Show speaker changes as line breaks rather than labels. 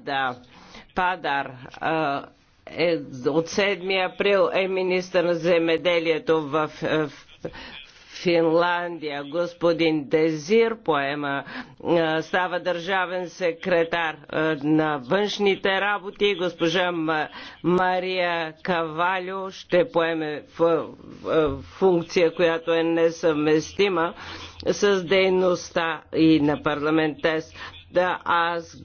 Да, Падар е, от 7 април е министър на земеделието в, е, в Финландия. Господин Дезир поема, става държавен секретар на външните работи. Госпожа Мария Кавалю ще поеме функция, която е несъвместима с дейността и на парламент. Да, аз